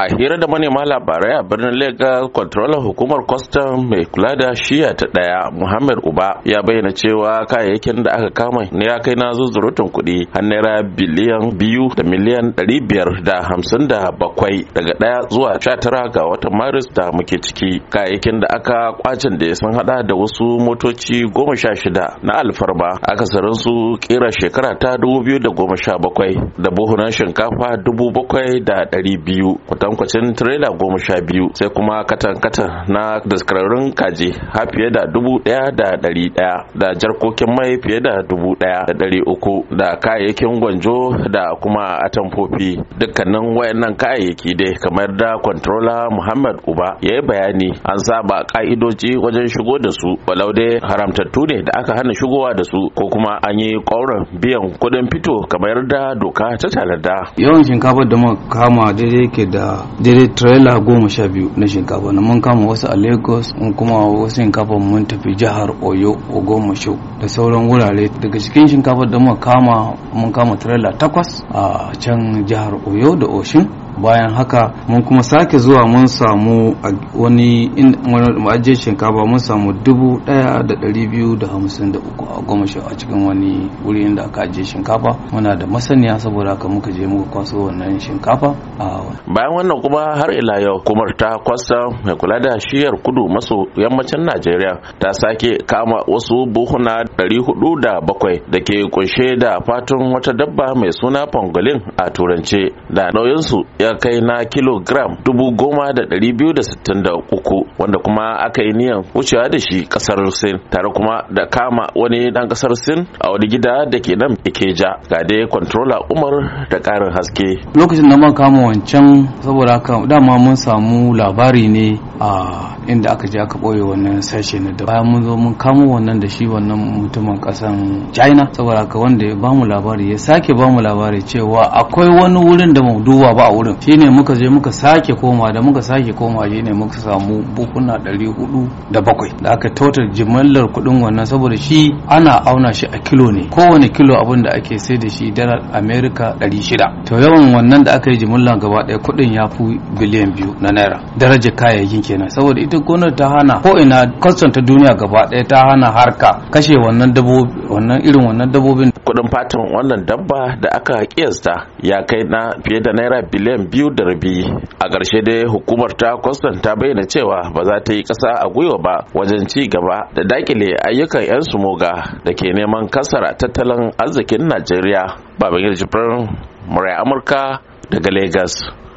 a hira da manema labarai a birnin Legas controller hukumar kwastam mai kula da shiya ta daya muhammad uba ya bayyana cewa kayayyakin da aka kama ne ya kai na zuzurutun kuɗi har naira biliyan biyu da miliyan dari biyar da hamsin da bakwai daga ɗaya zuwa sha tara ga watan maris da muke ciki kayayyakin da aka kwacin da ya sun hada da wasu motoci goma sha shida na alfarma akasarin su kera shekara ta dubu biyu da goma sha bakwai da buhunan shinkafa dubu bakwai da dari biyu kwatankwacin tirela goma sha biyu sai kuma katan-katan na daskararrun kaji har fiye da dubu daya da dari daya da jarkokin mai fiye da dubu ɗaya da dari uku da kayayyakin gwanjo da kuma atamfofi dukkanin wayannan kayayyaki dai kamar da kwantarola muhammad uba ya yi bayani an saba ka'idoji wajen shigo da su walau dai haramtattu ne da aka hana shigowa da su ko kuma an yi ƙaurin biyan kuɗin fito kamar da doka ta tanada yawan shinkafar da muka kama daidai ke da daidai trailer goma sha biyu na shinkafa na mun kama wasu a lagos kuma wasu shinkafa mun tafi jihar oyo goma sha da sauran wurare daga cikin shinkafa da muka kama mun kama trailer takwas a can jihar oyo da oshin bayan haka mun kuma sake zuwa mun samu wani ma'ajiyar shinkafa mun samu dubu daya da dari biyu da hamsin da uku a goma sha a cikin wani wuri inda aka ajiye shinkafa muna da masaniya saboda haka muka je muka kwaso wannan shinkafa bayan wannan kuma har ila yau kumar ta kwasa mai kula da shiyar kudu maso yammacin najeriya ta sake kama wasu buhuna hudu da bakwai ke kunshe da fatun wata dabba mai suna pangolin a turance da nauyinsu ya kai na kilogram 10,263 wanda kuma aka yi niyan wucewa da shi kasar sin tare kuma da kama wani dan kasar sin a wani gida da ke nan ikeja ga dai kwantrola umar da karin haske lokacin da muka kama wancan saboda haka dama mun samu labari ne inda aka je aka ɓoye wannan sashe na da bayan mun zo mun kamo wannan da shi wannan mutumin ƙasan china saboda haka wanda ya bamu labari ya sake bamu labari cewa akwai wani wurin da mu duba ba a wurin shine muka je muka sake koma da muka sake koma shine muka samu bukuna ɗari hudu da bakwai da aka total jimallar kuɗin wannan saboda shi ana auna shi a kilo ne kowane kilo abin da ake sai da shi dalar Amerika ɗari shida to yawan wannan da aka yi jimallar gaba ɗaya kuɗin ya fi biliyan biyu na naira darajar kayayyakin kenan saboda ita gonar ta hana ko ina kwastan ta duniya gaba ɗaya ta hana harka kashe wannan dabobi wannan irin wannan dabobin kudin fatan wannan dabba da aka kiyasta ya kai na fiye da naira biliyan biyu da rabi a ƙarshe dai hukumar ta kwastan ta bayyana cewa ba za ta yi ƙasa a gwiwa ba wajen ci gaba da dakile ayyukan 'yan sumoga da ke neman kasara tattalin arzikin najeriya babangida jibrin murai amurka daga lagos